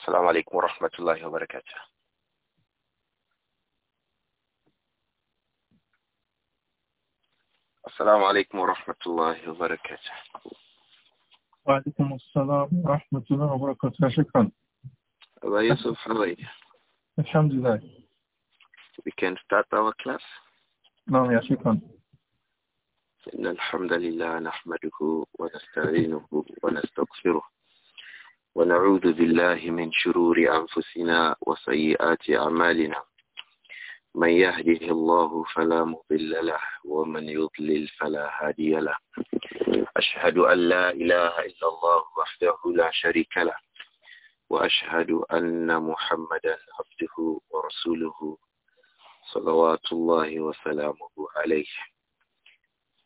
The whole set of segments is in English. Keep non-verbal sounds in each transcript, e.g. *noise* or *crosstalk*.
السلام عليكم ورحمة الله وبركاته السلام عليكم ورحمة الله وبركاته وعليكم السلام ورحمة الله وبركاته شكرا الله يوسف حبيبي الحمد لله We can start our class نعم يا شكرا إن الحمد لله نحمده ونستعينه ونستغفره ونعوذ بالله من شرور أنفسنا وسيئات أعمالنا من يهده الله فلا مضل له ومن يضلل فلا هادي له أشهد أن لا إله إلا الله وحده لا شريك له وأشهد أن محمدا عبده ورسوله صلوات الله وسلامه عليه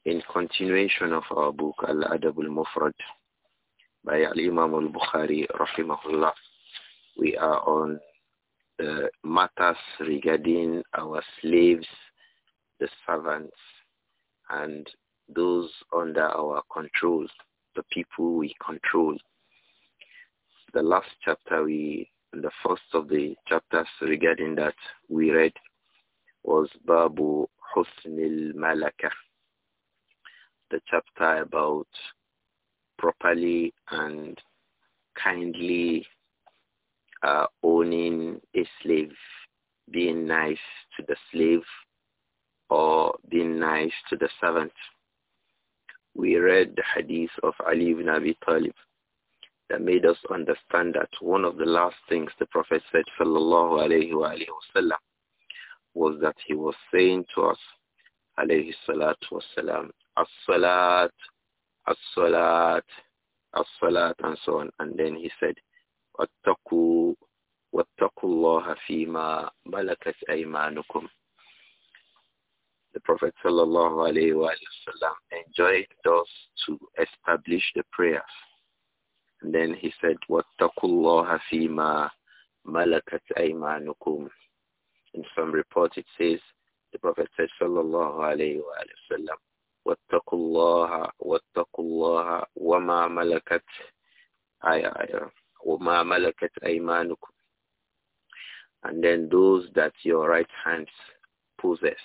In continuation of our book Al-Adab al-Mufrad by Al-Imam al-Bukhari rahimahullah. We are on the matters regarding our slaves, the servants, and those under our control, the people we control. The last chapter we, the first of the chapters regarding that we read was Babu Husnil Malaka, the chapter about properly and kindly uh, owning a slave, being nice to the slave or being nice to the servant. We read the hadith of Ali ibn Abi Talib that made us understand that one of the last things the Prophet said, sallallahu alayhi wa alayhi wasallam, was that he was saying to us, alayhi salatu salam." as-salat as-salat, as-salat and so on. And then he said, وَاتَّقُوا وَاتَّقُوا اللَّهَ فِي مَا مَلَكَتْ أَيْمَانُكُمْ the Prophet sallallahu alaihi wasallam enjoined us to establish the prayers. And then he said, "Wattaqullaha fima malakat aymanukum." In some reports, it says the Prophet said, sallallahu wa sallam, واتقوا الله واتقوا الله وما ملكت وما ملكت أيمانكم and then those that your right hands possess.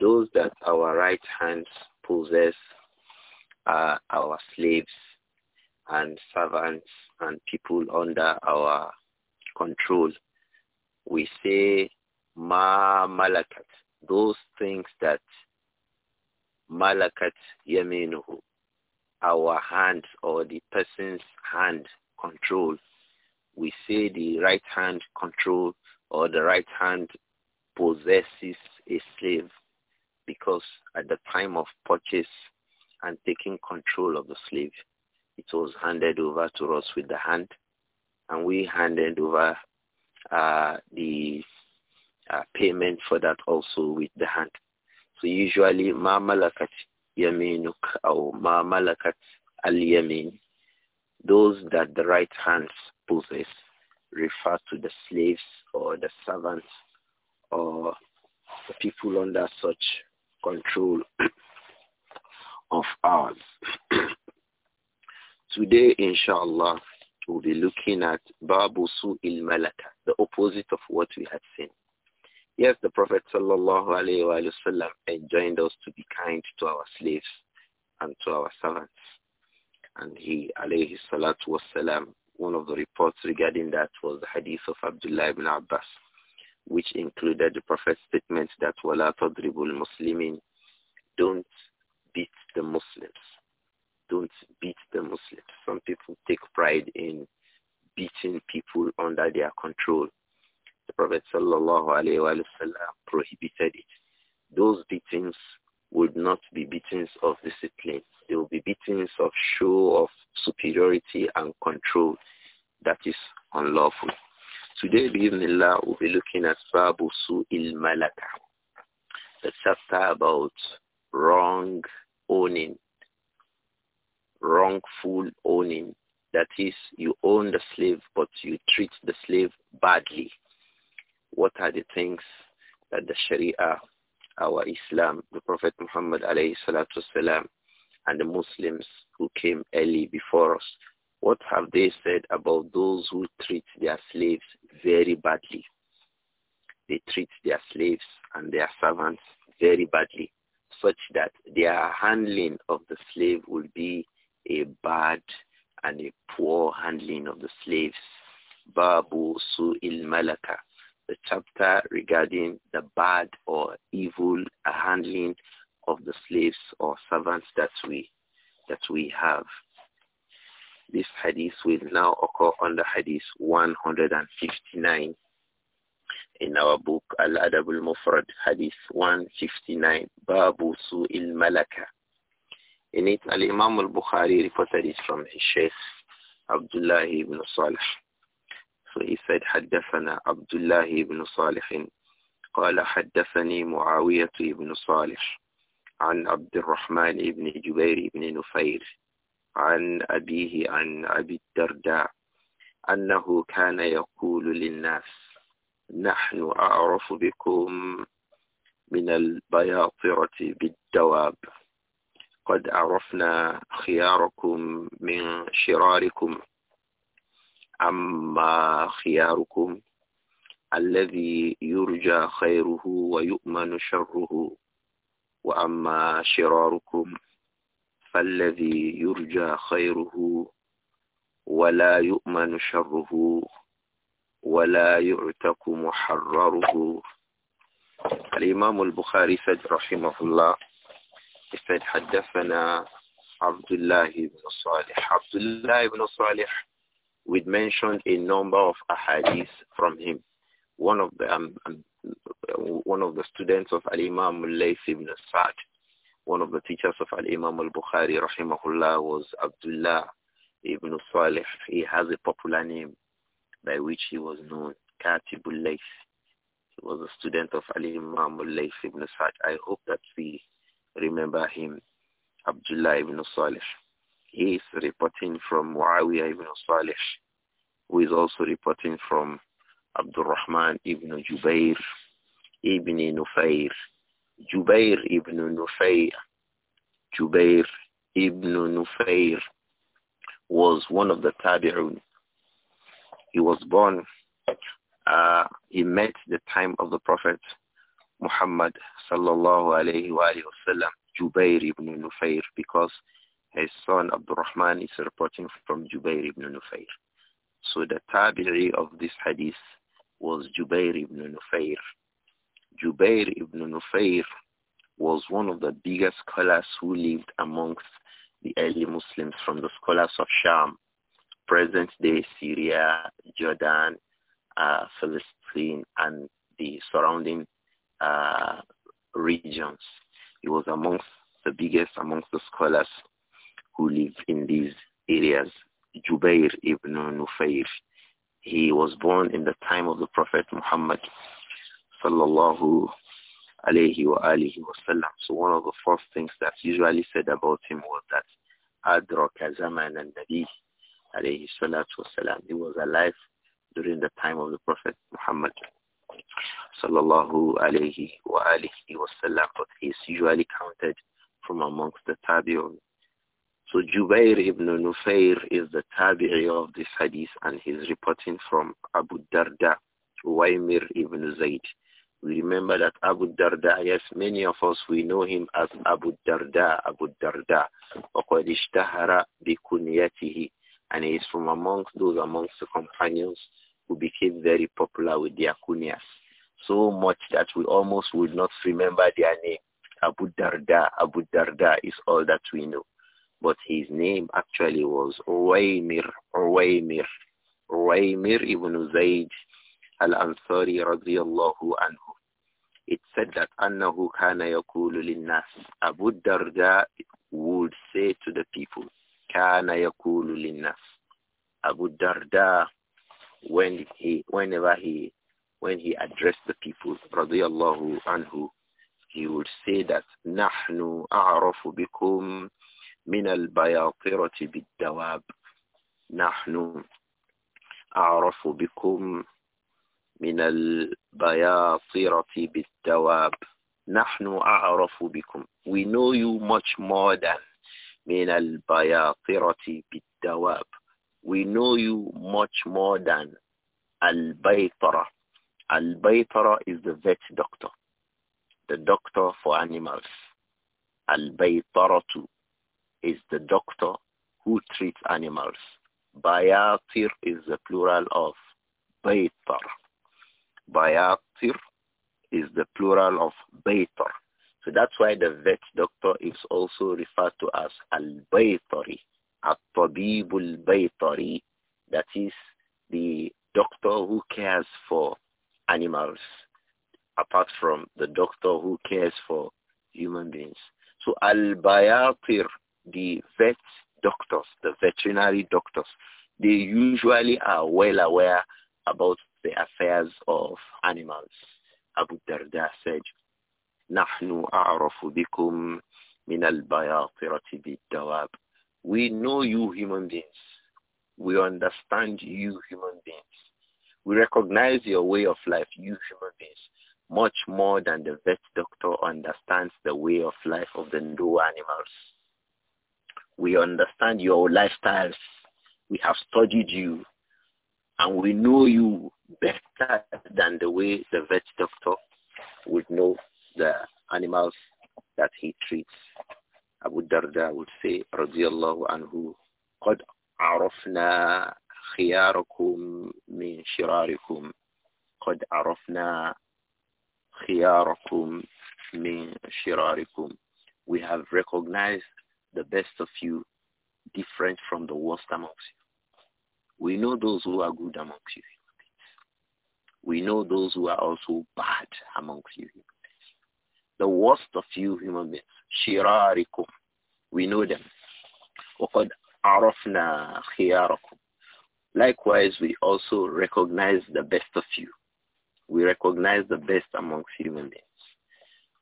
Those that our right hands possess are our slaves and servants and people under our control. We say ma malakat, those things that malakat yaminuhu. Our hand or the person's hand control. We say the right hand control or the right hand possesses a slave because at the time of purchase and taking control of the slave, it was handed over to us with the hand and we handed over uh, the uh, payment for that also with the hand. So usually ma malakat yaminuk or ma malakat al yamin. Those that the right hand possess refer to the slaves or the servants or the people under such control *clears throat* of ours. *clears throat* Today, inshallah, we'll be looking at Babu il Malaka, the opposite of what we had seen. Yes, the Prophet sallallahu enjoined us to be kind to our slaves and to our servants. And he, alayhi salatu wasalam, one of the reports regarding that was the hadith of Abdullah ibn Abbas, which included the Prophet's statement that "Wala tadribul Muslimin, الْمُسْلِمِينَ Don't beat the Muslims. Don't beat the Muslims. Some people take pride in beating people under their control the Prophet sallallahu prohibited it. Those beatings would not be beatings of discipline. They will be beatings of show of superiority and control that is unlawful. Today, Bismillah, we'll be looking at Babu Su'il Malaka, the chapter about wrong owning, wrongful owning. That is, you own the slave, but you treat the slave badly what are the things that the Sharia, our Islam, the Prophet Muhammad alayhi salatu and the Muslims who came early before us, what have they said about those who treat their slaves very badly? They treat their slaves and their servants very badly, such that their handling of the slave will be a bad and a poor handling of the slaves. Babu su'il malaka the chapter regarding the bad or evil handling of the slaves or servants that we that we have. This hadith will now occur under hadith 159 in our book Al-Adab al-Mufrad, hadith 159, Babu Su'il Malaka. In it, Al-Imam al-Bukhari reported it from his Sheikh Abdullah ibn Salih. So حدثنا عبد الله بن صالح قال حدثني معاوية بن صالح عن عبد الرحمن بن جبير بن نفير عن أبيه عن أبي الدرداء أنه كان يقول للناس نحن أعرف بكم من البياطرة بالدواب قد عرفنا خياركم من شراركم عما خياركم الذي يرجى خيره ويؤمن شره وأما شراركم فالذي يرجى خيره ولا يؤمن شره ولا يعتق محرره الإمام البخاري سيد رحمه الله سيد حدثنا عبد الله بن صالح عبد الله بن صالح we mentioned a number of ahadith from him. One of the um, um, one of the students of Al-Imam Layth ibn Sa'd, one of the teachers of Al-Imam Al-Bukhari rahimahullah was Abdullah ibn Salih. He has a popular name by which he was known, Katibul Layth. He was a student of Al-Imam Layth ibn Sa'd. I hope that we remember him, Abdullah ibn Salih. He is reporting from Muawiyah ibn Salih, who is also reporting from Rahman ibn Jubair ibn Nufair, Jubair ibn Nufair, Jubair ibn Nufair was one of the Tabi'un. He was born, uh, he met the time of the Prophet Muhammad sallallahu alayhi wa sallam, Jubair ibn Nufair, because his son Abdurrahman is reporting from Jubair ibn Nufair. So the tabi'i of this hadith was Jubair ibn Nufair. Jubair ibn Nufair was one of the biggest scholars who lived amongst the early Muslims from the scholars of Sham, present-day Syria, Jordan, uh, Palestine, and the surrounding uh, regions. He was amongst the biggest amongst the scholars who lived in these areas, Jubair ibn Nufair. He was born in the time of the Prophet Muhammad sallallahu alayhi wa alihi wasallam. So one of the first things that's usually said about him was that Adraka Zaman al-Nabi alayhi salatu wasalam. He was alive during the time of the Prophet Muhammad sallallahu alayhi wa alihi wasallam. But he's usually counted from amongst the tabi'un so Jubair ibn Nufair is the tabi'i of this hadith and he's reporting from Abu Darda, Waimir ibn Zayd. We remember that Abu Darda, yes, many of us, we know him as Abu Darda, Abu Darda. وَقَدْ اشْتَهَرَ بِكُنْيَتِهِ And he is from amongst those amongst the companions who became very popular with their kunyas. So much that we almost would not remember their name. Abu Darda, Abu Darda is all that we know. But his name actually was Uwaymir, Uwaymir, Uwaymir ibn Zayd al-Ansari radiyallahu anhu. It said that أنه kana يقول للناس Abu Darda would say to the people kana يقول للناس Abu Darda when he whenever he when he addressed the people radiyallahu anhu he would say that نحن a'rafu bikum. من البياطرة بالدواب نحن أعرف بكم من البياطرة بالدواب نحن أعرف بكم we know you much more than من البياطرة بالدواب we know you much more than البيطرة البيطرة is the vet doctor the doctor for animals البيطرة is the doctor who treats animals. Bayatir is the plural of baitar. Bayatir is the plural of baitar. So that's why the vet doctor is also referred to as al-baitari, at-tabibul baitari, at thats the doctor who cares for animals, apart from the doctor who cares for human beings. So al-bayatir the vet doctors, the veterinary doctors, they usually are well aware about the affairs of animals. Abu Darda said, نحن أعرف بكم من البياطرة بالدواب. We know you human beings. We understand you human beings. We recognize your way of life, you human beings, much more than the vet doctor understands the way of life of the no animals. We understand your lifestyles. We have studied you. And we know you better than the way the vet doctor would know the animals that he treats. Abu Darda would say, radiallahu anhu, قَدْ عَرَفْنَا خِيَارَكُمْ مِنْ شِرَارِكُمْ قَدْ عَرَفْنَا خِيَارَكُمْ مِنْ شِرَارِكُمْ We have recognized the best of you different from the worst amongst you. We know those who are good amongst you. We know those who are also bad amongst you. The worst of you human beings, shirarikum, we know them. Likewise, we also recognize the best of you. We recognize the best amongst human beings.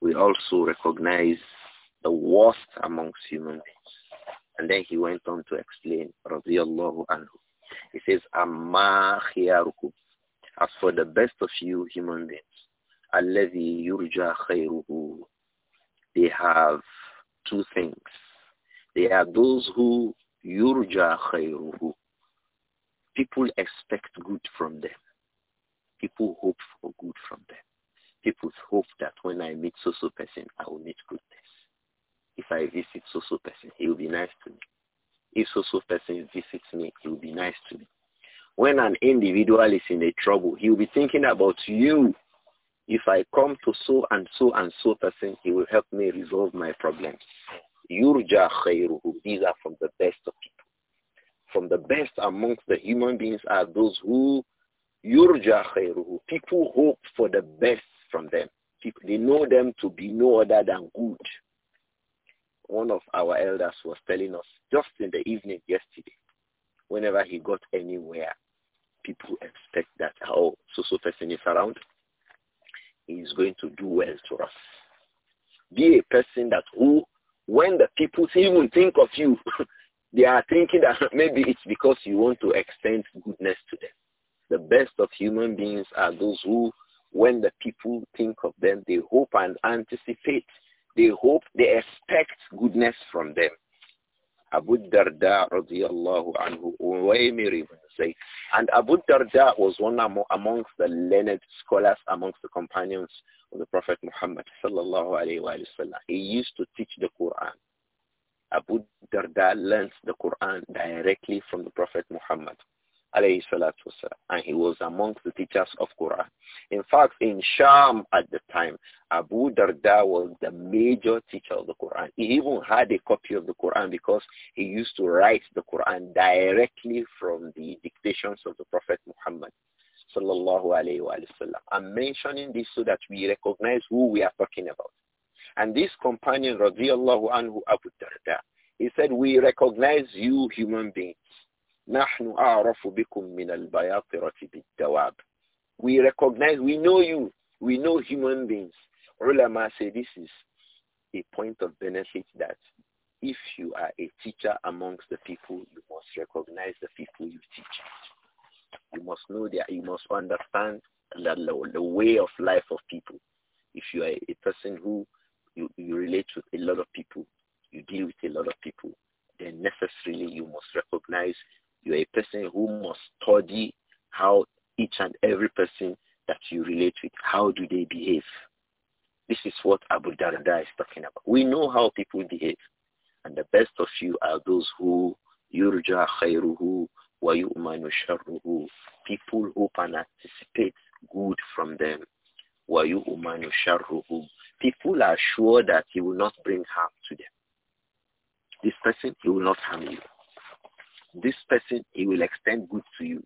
We also recognize the worst amongst human beings. And then he went on to explain, radiallahu anhu. He says, Amma khiyarukum. As for the best of you human beings, alladhi yurja khayruhu. They have two things. They are those who yurja khayruhu. People expect good from them. People hope for good from them. People hope that when I meet so-so person, I will meet goodness if I visit so-so person, he will be nice to me. If so-so person visits me, he will be nice to me. When an individual is in a trouble, he will be thinking about you. If I come to so and so and so person, he will help me resolve my problems. Yurja khayruhu. These are from the best of people. From the best amongst the human beings are those who yurja khayruhu. People hope for the best from them. People, they know them to be no other than good one of our elders was telling us just in the evening yesterday, whenever he got anywhere, people expect that, how oh, so-so person is around, he is going to do well to us. Be a person that who, when the people even think of you, *laughs* they are thinking that *laughs* maybe it's because you want to extend goodness to them. The best of human beings are those who, when the people think of them, they hope and anticipate they hope, they expect goodness from them. Abu Darda radiallahu anhu, Uwaymir And Abu Darda was one among, amongst the learned scholars, amongst the companions of the Prophet Muhammad sallallahu alayhi wa He used to teach the Quran. Abu Darda learned the Quran directly from the Prophet Muhammad alayhi salatu and he was amongst the teachers of Quran. In fact, in Sham at the time, Abu Darda was the major teacher of the Quran. He even had a copy of the Quran because he used to write the Quran directly from the dictations of the Prophet Muhammad sallallahu alayhi wa I'm mentioning this so that we recognize who we are talking about. And this companion, radiallahu anhu, Abu Darda, he said, we recognize you human beings نحن أعرف بكم من البياطرة بالدواب. We recognize, we know you, we know human beings. Ulama say this is a point of benefit that if you are a teacher amongst the people, you must recognize the people you teach. You must know that you must understand the, the way of life of people. If you are a person who you, you relate with a lot of people, you deal with a lot of people, then necessarily you must recognize you are a person who must study how each and every person that you relate with, how do they behave? This is what Abu Darda is talking about. We know how people behave. And the best of you are those who yurja khairuhu wa yu'manu sharruhu. People hope and anticipate good from them. Wa yu'manu sharruhu. People are sure that he will not bring harm to them. This person, he will not harm you this person, he will extend good to you.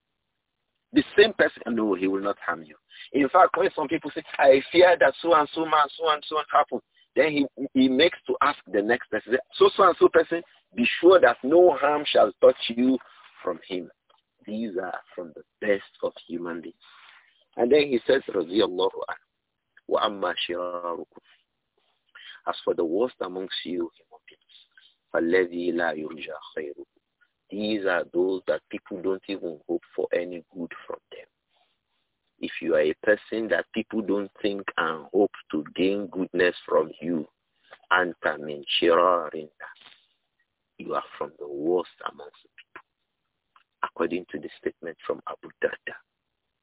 The same person, no, he will not harm you. In fact, when some people say, I fear that so and so man, so and so happened, then he, he makes to ask the next person, so so and so person, be sure that no harm shall touch you from him. These are from the best of human beings. And then he says, Radiallahu wa amma As for the worst amongst you, human beings, فَالَّذِي لَا these are those that people don't even hope for any good from them. If you are a person that people don't think and hope to gain goodness from you, anta min You are from the worst amongst the people. According to the statement from Abu Darda,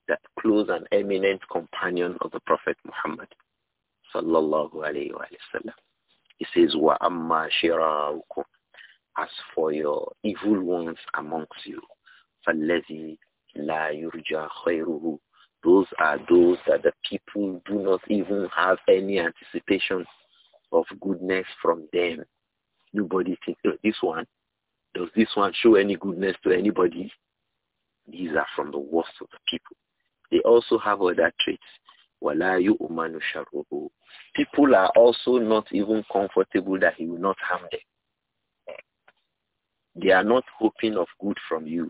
that close and eminent companion of the Prophet Muhammad, sallallahu alayhi wa sallam. He says, wa amma as for your evil ones amongst you, فَالَّذِي la yurja خَيْرُهُ Those are those that the people do not even have any anticipation of goodness from them. Nobody thinks, oh, this one, does this one show any goodness to anybody? These are from the worst of the people. They also have other traits. People are also not even comfortable that he will not harm them. They are not hoping of good from you.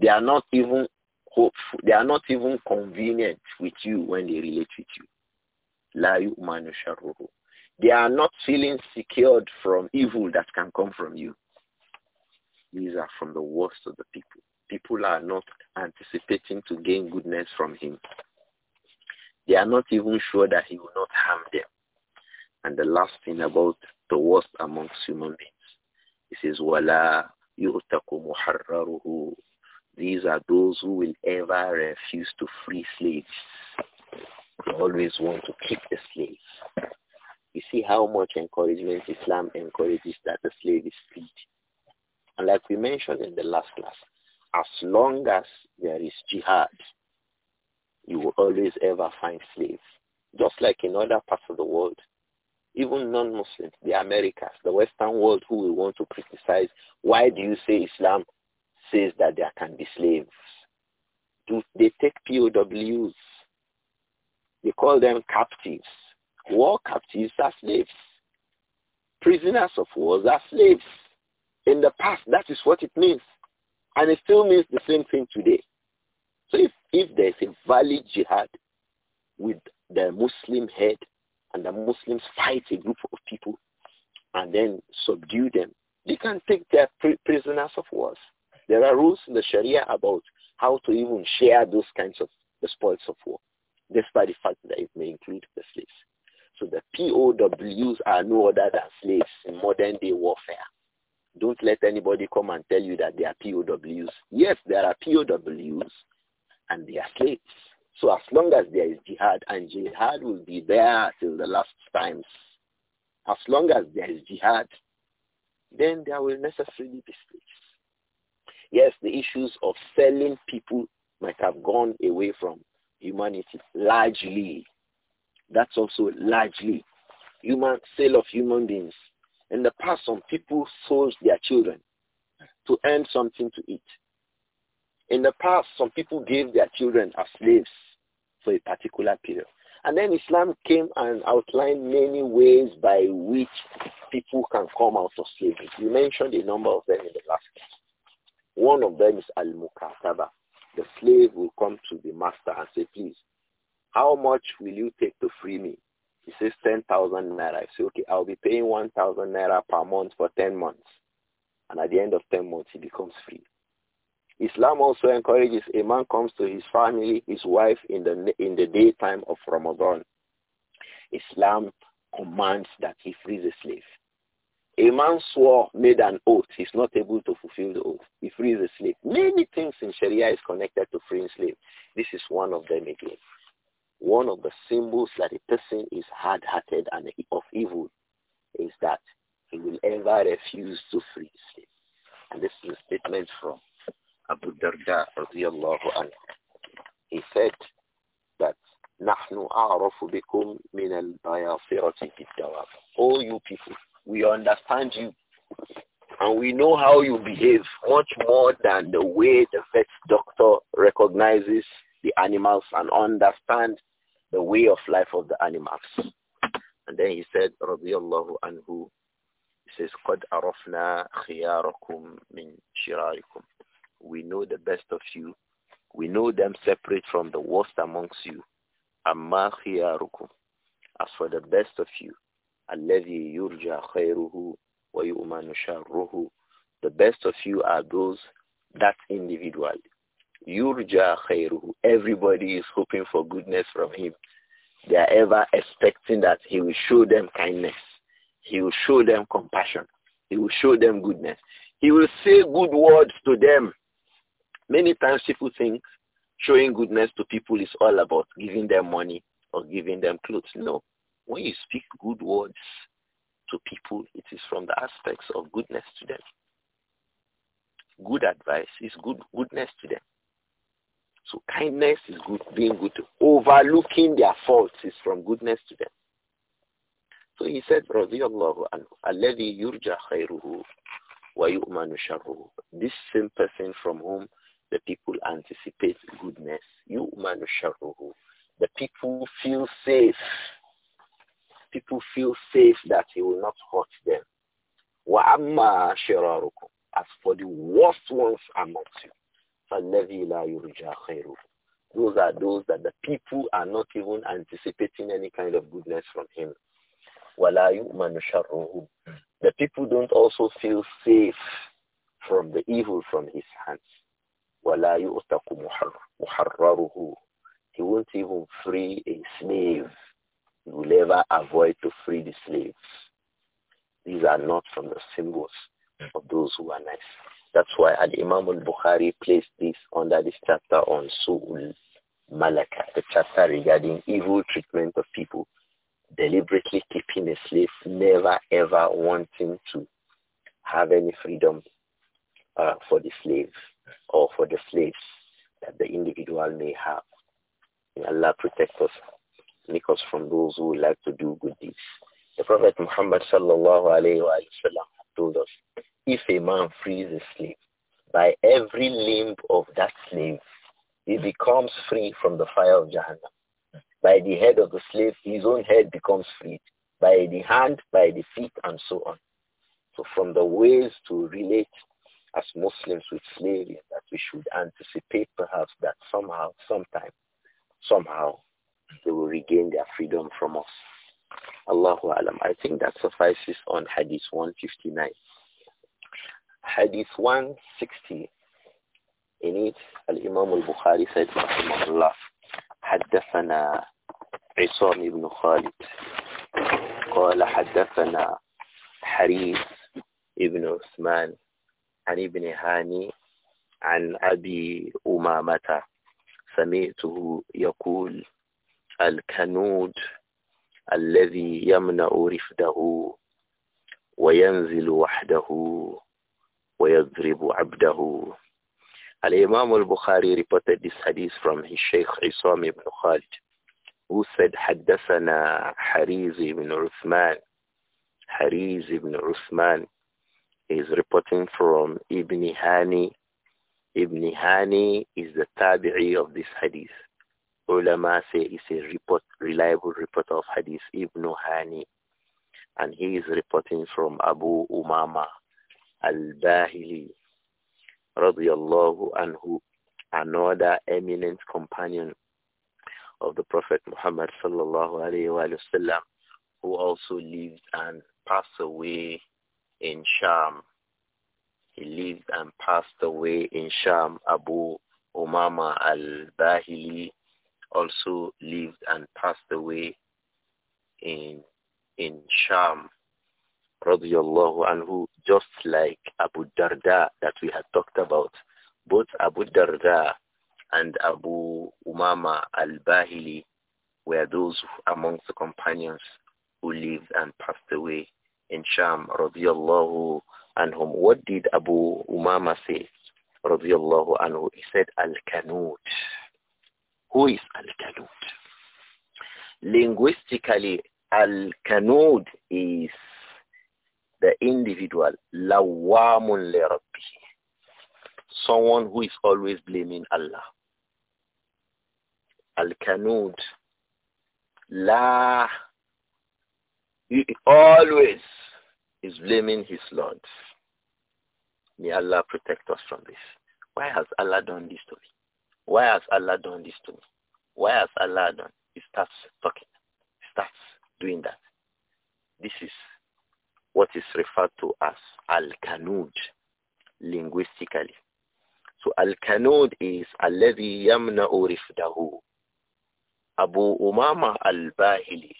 They are not even hopeful. They are not even convenient with you when they relate with you. They are not feeling secured from evil that can come from you. These are from the worst of the people. People are not anticipating to gain goodness from him. They are not even sure that he will not harm them. And the last thing about the worst amongst human beings he says, وَلَا يُؤْتَكُ who? These are those who will ever refuse to free slaves. They always want to keep the slaves. You see how much encouragement Islam encourages that the slave is freed. And like we mentioned in the last class, as long as there is jihad, you will always ever find slaves. Just like in other parts of the world, even non-Muslims, the Americans, the Western world who we want to criticize, why do you say Islam says that there can be slaves? Do they take POWs? They call them captives. War captives are slaves. Prisoners of war are slaves. In the past, that is what it means. And it still means the same thing today. So if, if there is a valid jihad with the Muslim head, and the Muslims fight a group of people and then subdue them, they can take their prisoners of war. There are rules in the Sharia about how to even share those kinds of the spoils of war, despite the fact that it may include the slaves. So the POWs are no other than slaves in modern day warfare. Don't let anybody come and tell you that they are POWs. Yes, there are POWs and they are slaves. So as long as there is jihad, and jihad will be there till the last times, as long as there is jihad, then there will necessarily be slaves. Yes, the issues of selling people might have gone away from humanity largely. That's also largely human sale of human beings. In the past, some people sold their children to earn something to eat. In the past, some people gave their children as slaves for a particular period. And then Islam came and outlined many ways by which people can come out of slavery. You mentioned a number of them in the last One of them is al-mukataba. The slave will come to the master and say, please, how much will you take to free me? He says 10,000 naira. I say, okay, I'll be paying 1,000 naira per month for 10 months. And at the end of 10 months, he becomes free. Islam also encourages a man comes to his family, his wife in the, in the daytime of Ramadan. Islam commands that he frees a slave. A man swore, made an oath. He's not able to fulfill the oath. He frees a slave. Many things in Sharia is connected to freeing slave. This is one of them again. One of the symbols that a person is hard-hearted and of evil is that he will ever refuse to free slave. And this is a statement from Abu Darda radiallahu anhu. He said that نحن أعرف بكم من البياصرة في All you people, we understand you and we know how you behave much more than the way the vet doctor recognizes the animals and understands the way of life of the animals. And then he said, Radiallahu anhu, he says, قَدْ أَرَفْنَا خِيَارَكُمْ مِنْ شِرَارِكُمْ we know the best of you. We know them separate from the worst amongst you. Amma khiyarukum. As for the best of you, alladhi yurja khayruhu wa The best of you are those, that individual. Yurja Everybody is hoping for goodness from him. They are ever expecting that he will show them kindness. He will show them compassion. He will show them goodness. He will say good words to them. Many times people think showing goodness to people is all about giving them money or giving them clothes. No. When you speak good words to people, it is from the aspects of goodness to them. Good advice is good goodness to them. So kindness is good, being good. Overlooking their faults is from goodness to them. So he said, Radiallahu anhu, Alladhi yurja khayruhu wa yu'manu This same person from whom the people anticipate goodness. You manusharuhu. The people feel safe. People feel safe that he will not hurt them. Wa amma shirarukum. As for the worst ones amongst you, فَالَّذِي لَا يُرْجَى خَيْرُهُ those are those that the people are not even anticipating any kind of goodness from him. The people don't also feel safe from the evil from his hands. وَلَا مُحَرَّرُهُ He won't even free a slave. He will never avoid to free the slaves. These are not from the symbols of those who are nice. That's why Al-Imam al-Bukhari placed this under this chapter on Su'ul Malaka, the chapter regarding evil treatment of people, deliberately keeping a slave, never ever wanting to have any freedom uh, for the slaves or for the slaves that the individual may have. May Allah protect us, make us from those who like to do good deeds. The Prophet Muhammad sallallahu alayhi wa sallam told us, if a man frees a slave, by every limb of that slave, he becomes free from the fire of Jahannam. By the head of the slave, his own head becomes freed. By the hand, by the feet, and so on. So from the ways to relate as Muslims with slavery and that we should anticipate perhaps that somehow, sometime, somehow they will regain their freedom from us. Allahu Alam. I think that suffices on Hadith 159. Hadith 160. In it, Al-Imam al-Bukhari said, Rahimahullah, حدثنا عصام بن خالد قال حدثنا حريث ابن عثمان عن ابن هاني عن أبي أمامة سمعته يقول الكنود الذي يمنع رفده وينزل وحده ويضرب عبده الإمام البخاري reported this hadith from his Sheikh عصام بن خالد who said حدثنا حريز بن عثمان حريز بن عثمان is reporting from Ibn Hani. Ibn Hani is the tabi'i of this hadith. Ulama say it's a report, reliable report of hadith, Ibn Hani. And he is reporting from Abu Umama al-Bahili, radiyallahu anhu, another eminent companion of the Prophet Muhammad sallallahu alayhi wa sallam, who also lived and passed away in Sham. He lived and passed away in Sham. Abu Umama al-Bahili also lived and passed away in in Sham, radiyallahu anhu, just like Abu Darda that we had talked about. Both Abu Darda and Abu Umama al-Bahili were those amongst the companions who lived and passed away in Sham, radiallahu anhum. What did Abu Umama say, radiallahu anhu? He said, Al-Kanut. Who is Al-Kanud? Linguistically, Al-Kanud is the individual, lawamun li someone who is always blaming Allah. Al-Kanud, la, always is blaming his Lord. May Allah protect us from this. Why has Allah done this to me? Why has Allah done this to me? Why has Allah done? He starts talking. He starts doing that. This is what is referred to as al-kanud linguistically. So al-kanud is alladhi yamna'u rifdahu. Abu Umama al-Bahili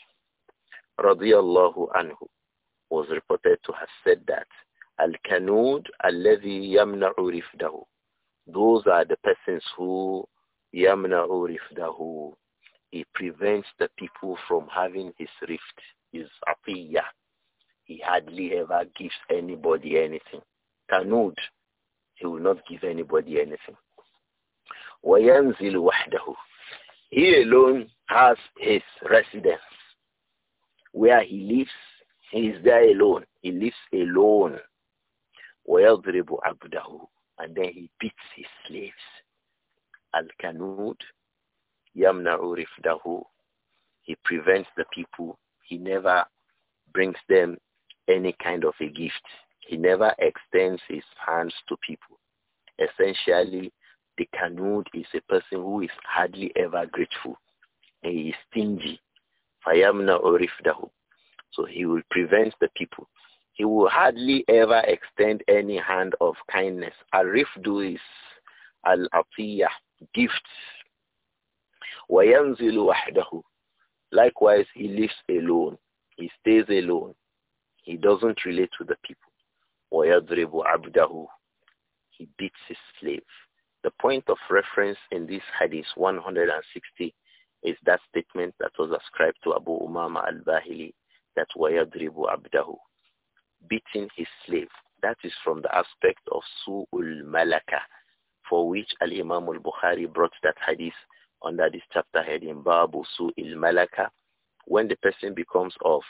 الله عنه was reported to have said that Al-Kanud alladhi yamna'u rifdahu. Those are the persons who yamna'u rifdahu. He prevents the people from having his rift, his atiyah. He hardly ever gives anybody anything. Kanud, he will not give anybody anything. وَيَنْزِلُ وَحْدَهُ He alone has his residence where he lives he is there alone. He lives alone. And then he beats his slaves. Al-Kanud يَمْنَعُ رِفْدَهُ He prevents the people. He never brings them any kind of a gift. He never extends his hands to people. Essentially, the Kanud is a person who is hardly ever grateful. And he is stingy. فَيَمْنَعُ رِفْدَهُ so he will prevent the people. He will hardly ever extend any hand of kindness. Al-rifdu is al-atiyah, gifts. وَيَنْزِلُ وَحْدَهُ Likewise, he lives alone. He stays alone. He doesn't relate to the people. وَيَضْرِبُ abdahu. He beats his slave. The point of reference in this hadith 160 is that statement that was ascribed to Abu Umama al-Bahili that's wayadribu عَبْدَهُ Beating his slave. That is from the aspect of su'ul malaka, for which Al-Imam al-Bukhari brought that hadith under this chapter heading Babu suul malaka, when the person becomes of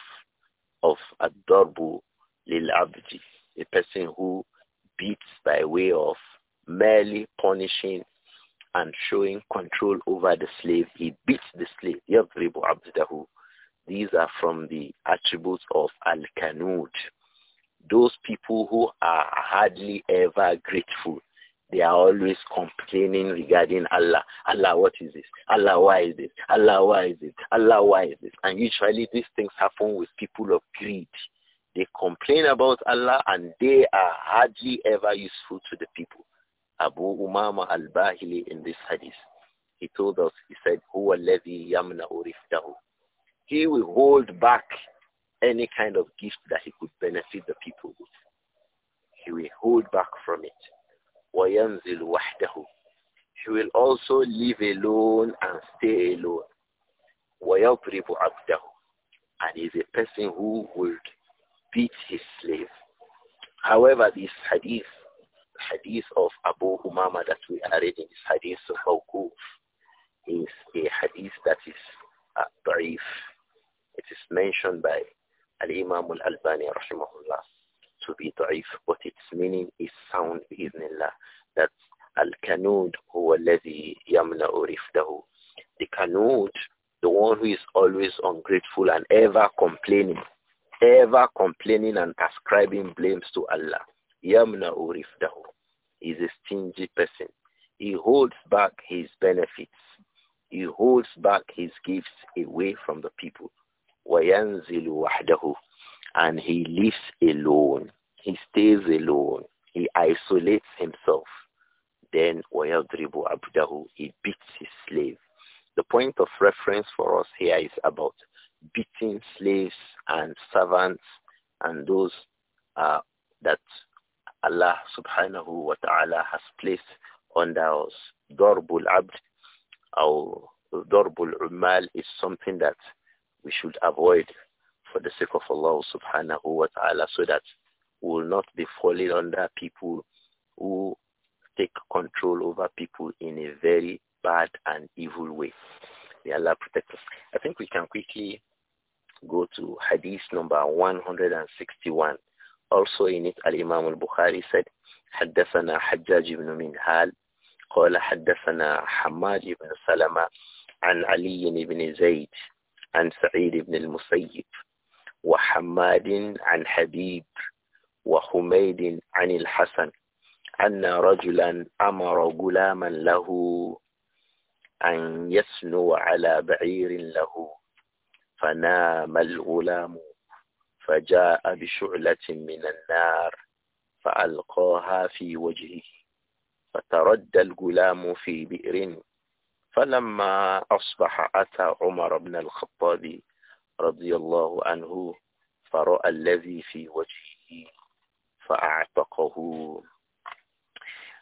of ad-darbu lil abdi, a person who beats by way of merely punishing and showing control over the slave. He beats the slave. يَضْرِبُ عَبْدَهُ these are from the attributes of Al-Kanud. Those people who are hardly ever grateful. They are always complaining regarding Allah. Allah, what is this? Allah, why is this? Allah, why is this? Allah, why is this? And usually these things happen with people of greed. They complain about Allah and they are hardly ever useful to the people. Abu Umama al-Bahili in this hadith, he told us, he said, هُوَ الَّذِي يَمْنَأُ رِفْدَهُ he will hold back any kind of gift that he could benefit the people with. He will hold back from it. وَيَنْزِلْ وَحْدَهُ He will also live alone and stay alone. وَيَضْرِبُ عَبْدَهُ And he is a person who would beat his slave. However, this hadith, hadith of Abu Umama that we are reading, this hadith of is a hadith that is uh, brief it is mentioned by Al-Imam Al-Albani rahimahullah to be da'if, but its meaning is sound bi'idhnillah. That Al-Kanud huwa alladhi yamna rifdahu. The Kanud, the one who is always ungrateful and ever complaining, ever complaining and ascribing blames to Allah. yamna rifdahu. He is a stingy person. He holds back his benefits. He holds back his gifts away from the people. وَيَنْزِلُ وَحْدَهُ And he lives alone. He stays alone. He isolates himself. Then وَيَضْرِبُ عَبْدَهُ He beats his slave. The point of reference for us here is about beating slaves and servants and those uh, that Allah subhanahu wa ta'ala has placed under us. Darbul الْعَبْدِ or darbul الْعُمَالِ is something that we should avoid for the sake of Allah subhanahu wa ta'ala so that we will not be falling under people who take control over people in a very bad and evil way. May Allah protect us. I think we can quickly go to hadith number 161. Also in it, Al-Imam al-Bukhari said, حدثنا حجاج بن منهال قال حدثنا حماد بن سلمة عن علي بن زيد عن سعيد بن المسيب وحماد عن حبيب وحميد عن الحسن أن رجلا أمر غلاما له أن يسنو على بعير له فنام الغلام فجاء بشعلة من النار فألقاها في وجهه فتردى الغلام في بئر فلما أصبح أتى عمر بن الخطاب رضي الله عنه فرأى الذي في وجهه فأعتقه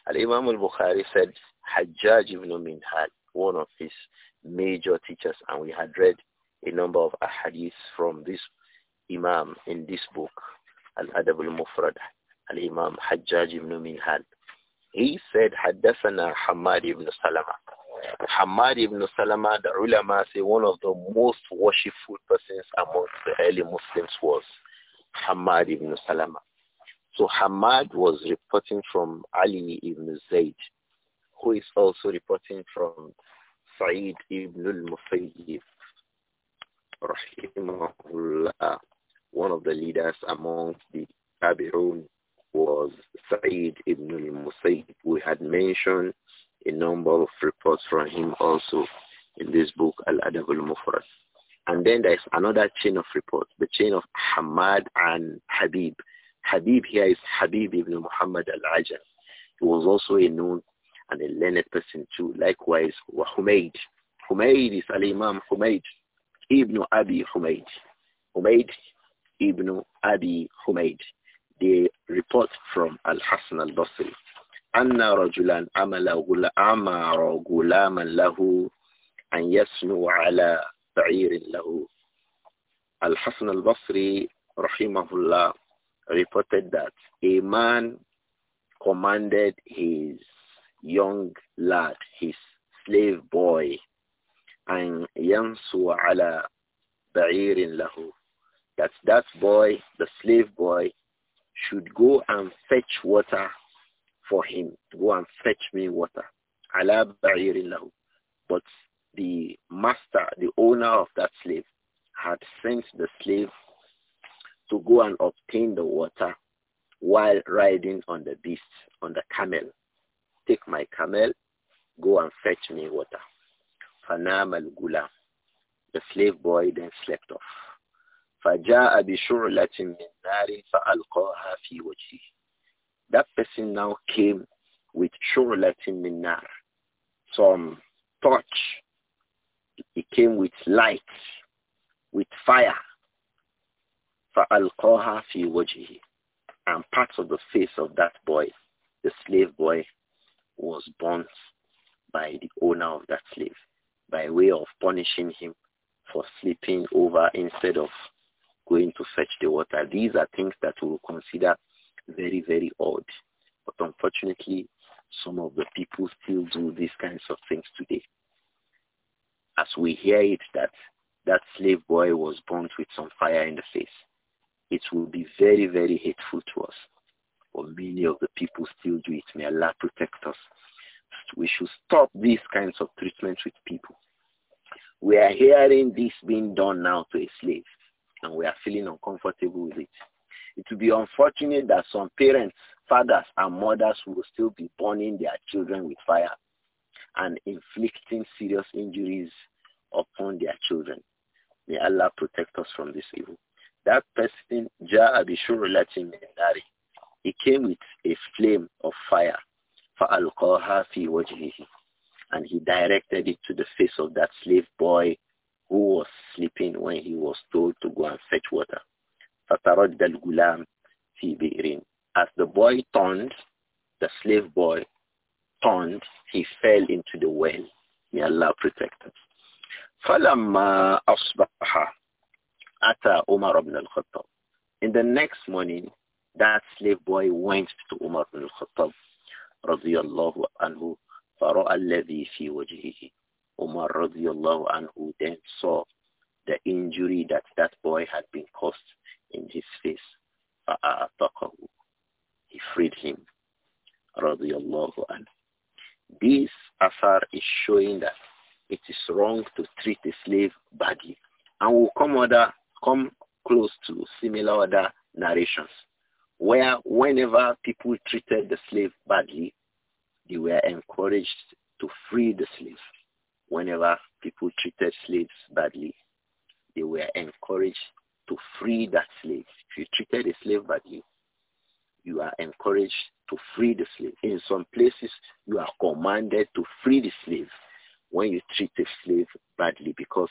الإمام البخاري said Hajjaj ibn Minhal, one of his major teachers, and we had read a number of ahadith from this imam in this book, Al-Adab al-Mufrad, Al-Imam Hajjaj ibn Minhal. He said, حدثنا حماد ibn Salama. Hamad ibn Salama, the ulama say one of the most worshipful persons among the early Muslims was Hamad ibn Salama. So Hamad was reporting from Ali ibn Zayd, who is also reporting from Sa'id ibn al-Musayyib, rahimahullah. One of the leaders amongst the Tabi'un was Sa'id ibn al-Musayyib. We had mentioned a number of reports from him also in this book, Al-Adab al-Mufrad. And then there's another chain of reports, the chain of Hamad and Habib. Habib here is Habib ibn Muhammad al-Ajam. He was also a known and a learned person too. Likewise, wa Humaid. Humaid is Al-Imam Humaid Ibn Abi Humaid. Humaid Ibn Abi Humaid. They report from Al-Hassan al-Basri. أن رجلا عمل عمر غلاما له أن يسنو على بعير له Al-Hasan al-Basri rahimahullah reported that a man commanded his young lad, his slave boy, and yansu ala ba'irin lahu. That that boy, the slave boy, should go and fetch water for him to go and fetch me water. Ala lahu. But the master, the owner of that slave, had sent the slave to go and obtain the water while riding on the beast, on the camel. Take my camel, go and fetch me water. Fana al The slave boy then slept off. فجاء بشعلة من نار فألقاها في وجهه that person now came with shurulatin minar, some torch. He came with light, with fire. فَأَلْقَاهَا fi وَجْهِهِ And part of the face of that boy, the slave boy, was burnt by the owner of that slave by way of punishing him for sleeping over instead of going to fetch the water. These are things that we will consider very, very odd. But unfortunately, some of the people still do these kinds of things today. As we hear it that that slave boy was burnt with some fire in the face, it will be very, very hateful to us. But many of the people still do it. May Allah protect us. We should stop these kinds of treatments with people. We are hearing this being done now to a slave, and we are feeling uncomfortable with it. It will be unfortunate that some parents, fathers, and mothers will still be burning their children with fire and inflicting serious injuries upon their children. May Allah protect us from this evil. That person, Ja'a Bishurulatin Nari, he came with a flame of fire, فَأَلْقَاهَا فِي وَجْهِهِ And he directed it to the face of that slave boy who was sleeping when he was told to go and fetch water. فَتَرَدَّ الْغُلَامِ فِي بِئْرٍ As the boy turned, the slave boy turned, he fell into the well. May Allah protect us. فَلَمَّا أَصْبَحَ أَتَى عُمَرَ بْنَ الْخَطَّابِ In the next morning, that slave boy went to Umar bin al-Khattab رضي الله عنه فرأى الذي في وجهه Umar رضي الله عنه then saw the injury that that boy had been caused in his face. فَأَعْتَقَهُ He freed him. رضي الله عنه. This affair is showing that it is wrong to treat a slave badly. And we will come other, come close to similar other narrations where whenever people treated the slave badly, they were encouraged to free the slave. Whenever people treated slaves badly, they were encouraged to free that slave. If you treated a slave badly, you are encouraged to free the slave. In some places, you are commanded to free the slave when you treat a slave badly because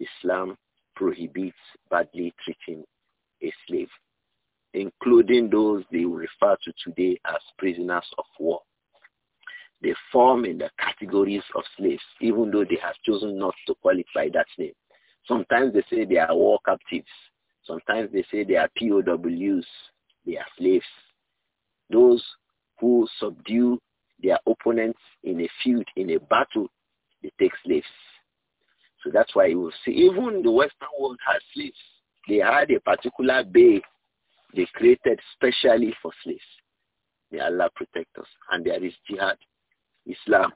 Islam prohibits badly treating a slave, including those they refer to today as prisoners of war. They form in the categories of slaves, even though they have chosen not to qualify that name. Sometimes they say they are war captives. Sometimes they say they are POWs, they are slaves. Those who subdue their opponents in a field, in a battle, they take slaves. So that's why you will see even the Western world has slaves. They had a particular bay they created specially for slaves. May Allah protect us. And there is jihad, Islam,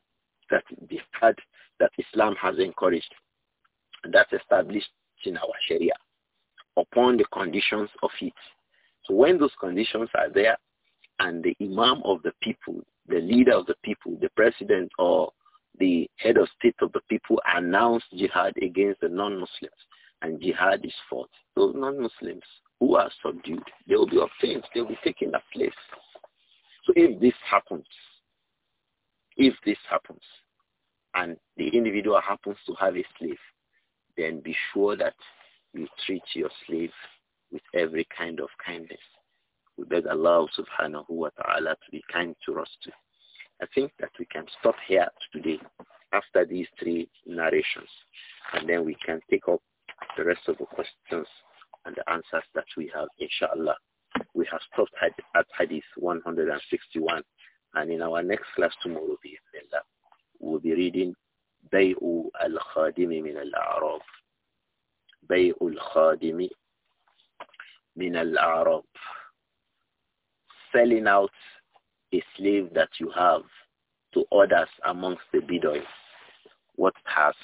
that jihad that Islam has encouraged. And that's established in our Sharia upon the conditions of it. So when those conditions are there and the imam of the people, the leader of the people, the president or the head of state of the people announce jihad against the non-Muslims and jihad is fought. Those non-Muslims who are subdued, they will be obtained, they will be taken a place. So if this happens, if this happens, and the individual happens to have a slave, then be sure that you treat your slave with every kind of kindness. We beg Allah subhanahu wa ta'ala to be kind to us too. I think that we can stop here today after these three narrations and then we can take up the rest of the questions and the answers that we have inshallah. We have stopped at, Hadith 161 and in our next class tomorrow we'll be reading Bay'u al-Khadimi min al-A'rab bay'ul khadimi min Selling out a slave that you have to others amongst the Bedouins. What has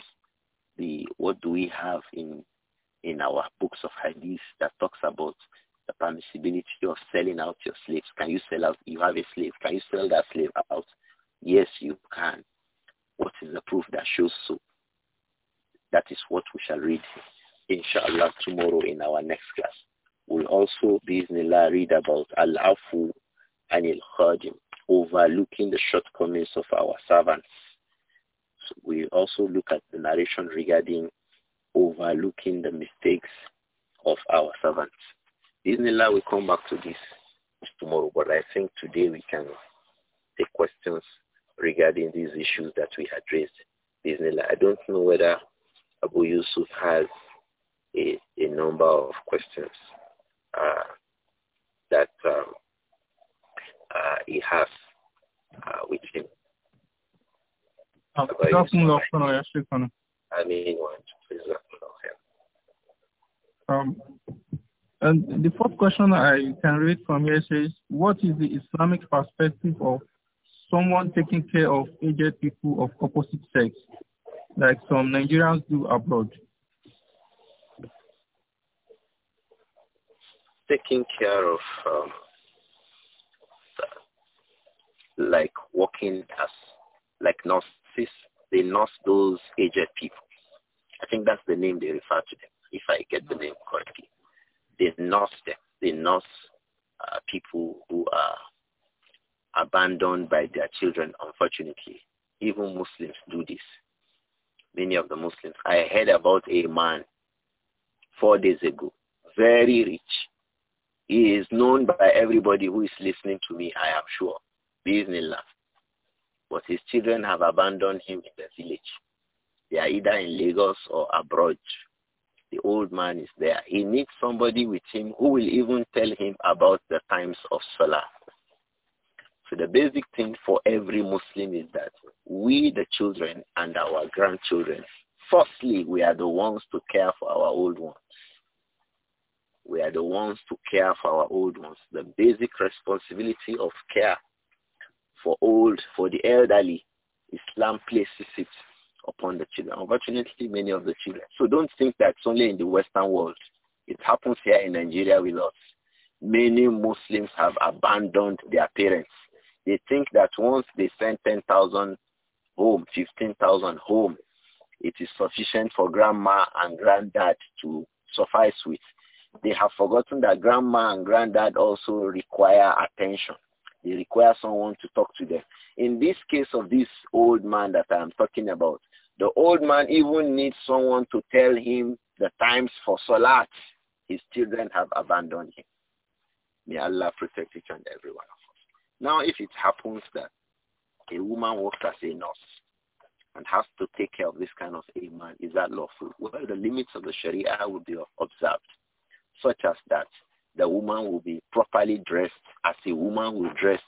the what do we have in in our books of hadith that talks about the permissibility of selling out your slaves? Can you sell out you have a slave? Can you sell that slave out? Yes, you can. What is the proof that shows so? That is what we shall read inshallah, tomorrow in our next class. We'll also, bismillah, read about al-afu and al-khadim, overlooking the shortcomings of our servants. So we also look at the narration regarding overlooking the mistakes of our servants. Bismillah, we come back to this tomorrow, but I think today we can take questions regarding these issues that we addressed, raised. I don't know whether Abu Yusuf has a, a number of questions uh, that um, uh, he has uh, with him. I mean, one. Please um, and the fourth question I can read from here says, what is the Islamic perspective of someone taking care of aged people of opposite sex, like some Nigerians do abroad? taking care of um, like working as like nurses. They nurse those aged people. I think that's the name they refer to them, if I get the name correctly. They nurse them. They nurse uh, people who are abandoned by their children, unfortunately. Even Muslims do this. Many of the Muslims. I heard about a man four days ago, very rich, he is known by everybody who is listening to me, I am sure. Bismillah. But his children have abandoned him in the village. They are either in Lagos or abroad. The old man is there. He needs somebody with him who will even tell him about the times of Salah. So the basic thing for every Muslim is that we, the children and our grandchildren, firstly, we are the ones to care for our old ones. We are the ones to care for our old ones. The basic responsibility of care for old, for the elderly, Islam places it upon the children. Unfortunately, many of the children. So don't think that's only in the Western world. It happens here in Nigeria with us. Many Muslims have abandoned their parents. They think that once they send 10,000 home, 15,000 home, it is sufficient for grandma and granddad to suffice with. They have forgotten that grandma and granddad also require attention. They require someone to talk to them. In this case of this old man that I'm talking about, the old man even needs someone to tell him the times for Salat. His children have abandoned him. May Allah protect each and every one of us. Now, if it happens that a woman works as a nurse and has to take care of this kind of a man, is that lawful? Well, the limits of the Sharia will be observed such as that the woman will be properly dressed as a woman will dress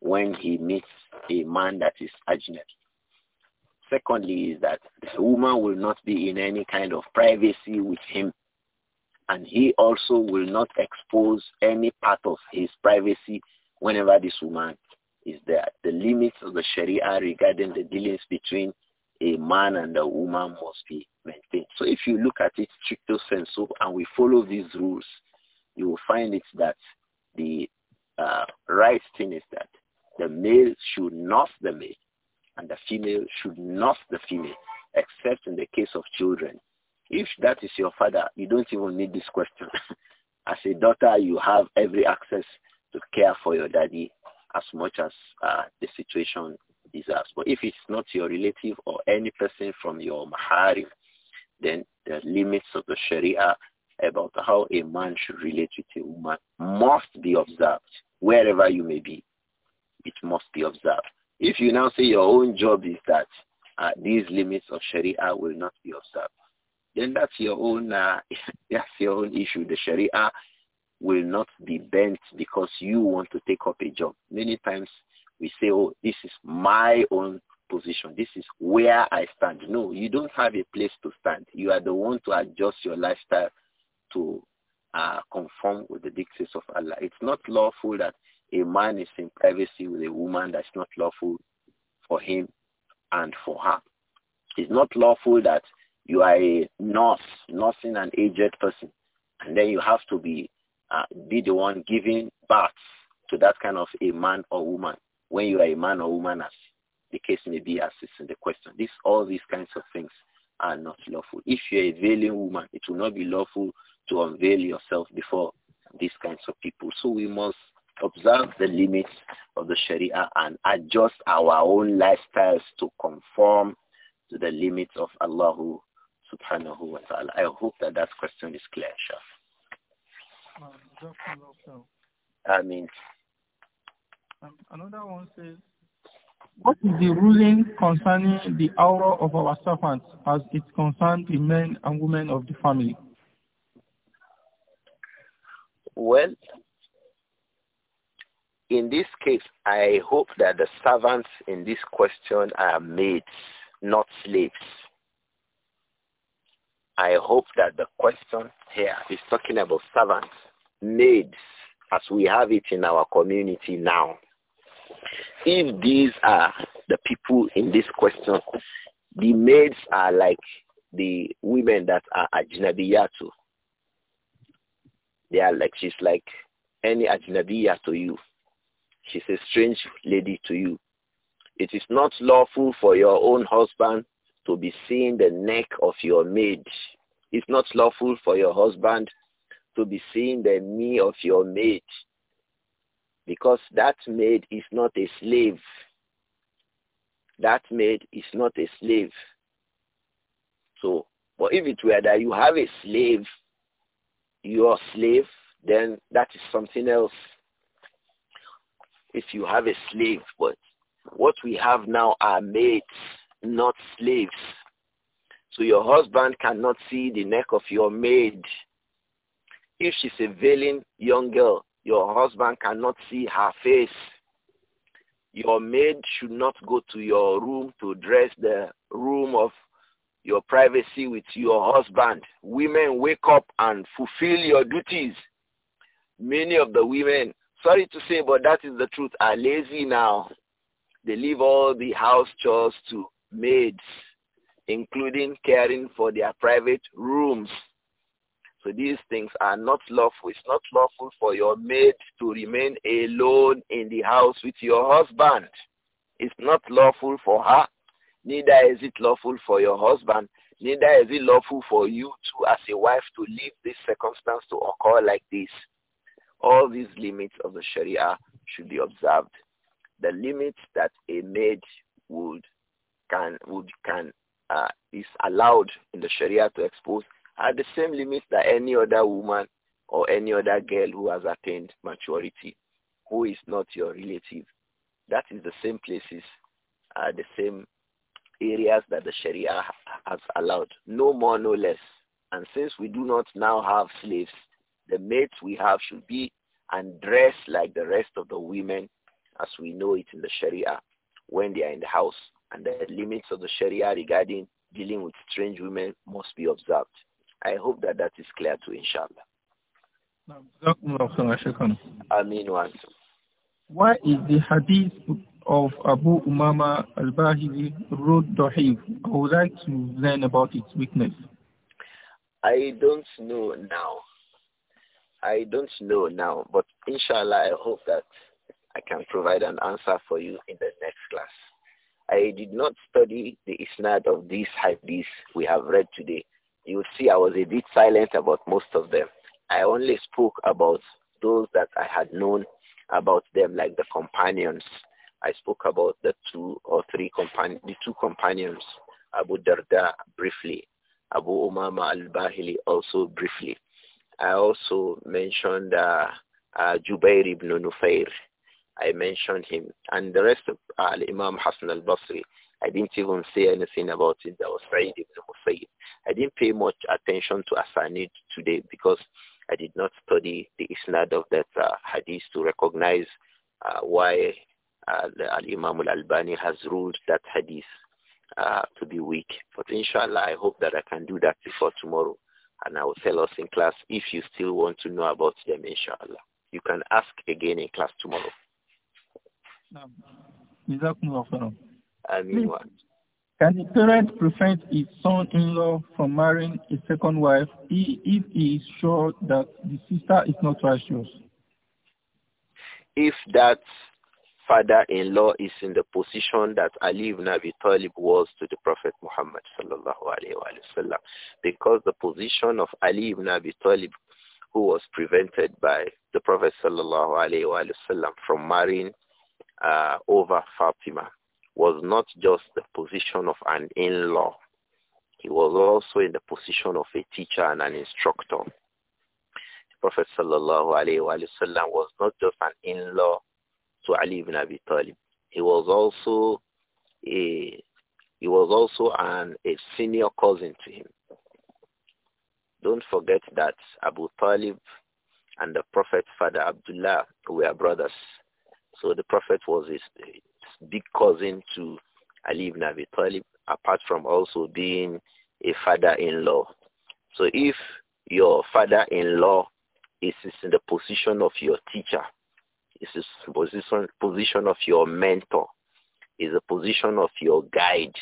when he meets a man that is ajnabi. Secondly is that the woman will not be in any kind of privacy with him and he also will not expose any part of his privacy whenever this woman is there. The limits of the Sharia regarding the dealings between a man and a woman must be maintained. So if you look at it stricto sensu and we follow these rules, you will find it that the uh, right thing is that the male should not the male and the female should not the female, except in the case of children. If that is your father, you don't even need this question. *laughs* as a daughter, you have every access to care for your daddy as much as uh, the situation deserves. But if it's not your relative or any person from your maharim, then the limits of the sharia about how a man should relate with a woman must be observed wherever you may be. It must be observed. If you now say your own job is that uh, these limits of Sharia will not be observed, then that's your own uh, *laughs* that's your own issue. The Sharia will not be bent because you want to take up a job. Many times we say, oh, this is my own position. This is where I stand. No, you don't have a place to stand. You are the one to adjust your lifestyle to uh, conform with the dictates of Allah. It's not lawful that a man is in privacy with a woman that's not lawful for him and for her. It's not lawful that you are a nurse, nursing an aged person, and then you have to be uh, be the one giving birth to that kind of a man or woman when you are a man or woman, as the case may be, as in the question. This, all these kinds of things are not lawful. If you're a veiling woman, it will not be lawful to unveil yourself before these kinds of people. So we must observe the limits of the Sharia and adjust our own lifestyles to conform to the limits of Allah subhanahu wa ta'ala. I hope that that question is clear, Shah. Um, I mean, Another one says, what is the ruling concerning the aura of our servants as it concerns the men and women of the family? Well, in this case, I hope that the servants in this question are maids, not slaves. I hope that the question here is talking about servants, maids, as we have it in our community now. If these are the people in this question, the maids are like the women that are ajnabiyatu. They are like, she's like any ajnabiya to you. She's a strange lady to you. It is not lawful for your own husband to be seeing the neck of your maid. It's not lawful for your husband to be seeing the knee of your maid. Because that maid is not a slave. That maid is not a slave. So, but if it were that you have a slave, your slave, then that is something else. If you have a slave, but what we have now are maids, not slaves. So your husband cannot see the neck of your maid. If she's a veiling young girl, your husband cannot see her face. Your maid should not go to your room to dress the room of your privacy with your husband. Women, wake up and fulfill your duties. Many of the women, sorry to say, but that is the truth, are lazy now. They leave all the house chores to maids, including caring for their private rooms. So these things are not lawful. It's not lawful for your maid to remain alone in the house with your husband. It's not lawful for her. Neither is it lawful for your husband. Neither is it lawful for you to, as a wife, to leave this circumstance to occur like this. All these limits of the Sharia should be observed. The limits that a maid would can would can uh, is allowed in the Sharia to expose at the same limits that any other woman or any other girl who has attained maturity, who is not your relative. That is the same places, uh, the same areas that the Sharia has allowed. No more, no less. And since we do not now have slaves, the mates we have should be and dress like the rest of the women as we know it in the Sharia when they are in the house. And the limits of the Sharia regarding dealing with strange women must be observed. I hope that that is clear too, inshallah. Amin once. Why is the hadith of Abu Umama al-Bahili road Dohiv? I would like to learn about its weakness. I don't know now. I don't know now, but inshallah, I hope that I can provide an answer for you in the next class. I did not study the isnad of these hadiths we have read today you see I was a bit silent about most of them. I only spoke about those that I had known about them, like the companions. I spoke about the two or three companions, the two companions, Abu Darda briefly, Abu Umama al-Bahili also briefly. I also mentioned uh, uh, Jubair ibn Nufair. I mentioned him. And the rest of uh, Imam Hassan al-Basri. I didn't even say anything about it. That was Sa'id I didn't pay much attention to it today because I did not study the isnad of that uh, hadith to recognize uh, why uh, the, imam al-Albani has ruled that hadith uh, to be weak. But inshallah, I hope that I can do that before tomorrow. And I will tell us in class if you still want to know about them, inshallah. You can ask again in class tomorrow. Can a parent prevent his son-in-law from marrying a second wife if he is sure that the sister is not righteous? If that father-in-law is in the position that Ali ibn Abi Talib was to the Prophet Muhammad sallallahu alaihi wasallam, Because the position of Ali ibn Abi Talib, who was prevented by the Prophet sallallahu alaihi wasallam from marrying uh, over Fatima, was not just the position of an in-law. He was also in the position of a teacher and an instructor. The Prophet sallallahu alaihi wasallam was not just an in-law to Ali ibn Abi Talib. He was also a he was also an, a senior cousin to him. Don't forget that Abu Talib and the Prophet Father Abdullah were brothers. So the Prophet was his big cousin to Ali ibn Abi Talib, apart from also being a father-in-law. So if your father-in-law is in the position of your teacher, is the position, position of your mentor, is the position of your guide,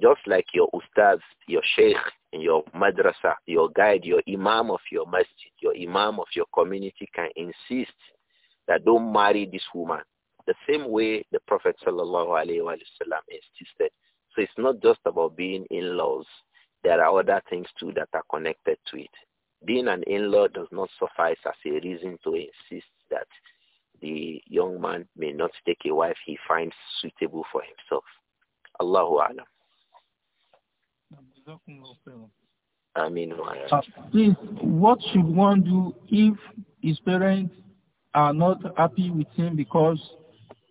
just like your ustad, your sheikh and your madrasa, your guide, your imam of your masjid, your imam of your community can insist that don't marry this woman the same way the Prophet sallallahu alaihi wasallam insisted. So it's not just about being in-laws. There are other things too that are connected to it. Being an in-law does not suffice as a reason to insist that the young man may not take a wife he finds suitable for himself. Allahu Alam. I mean, uh, please, what should one do if his parents are not happy with him because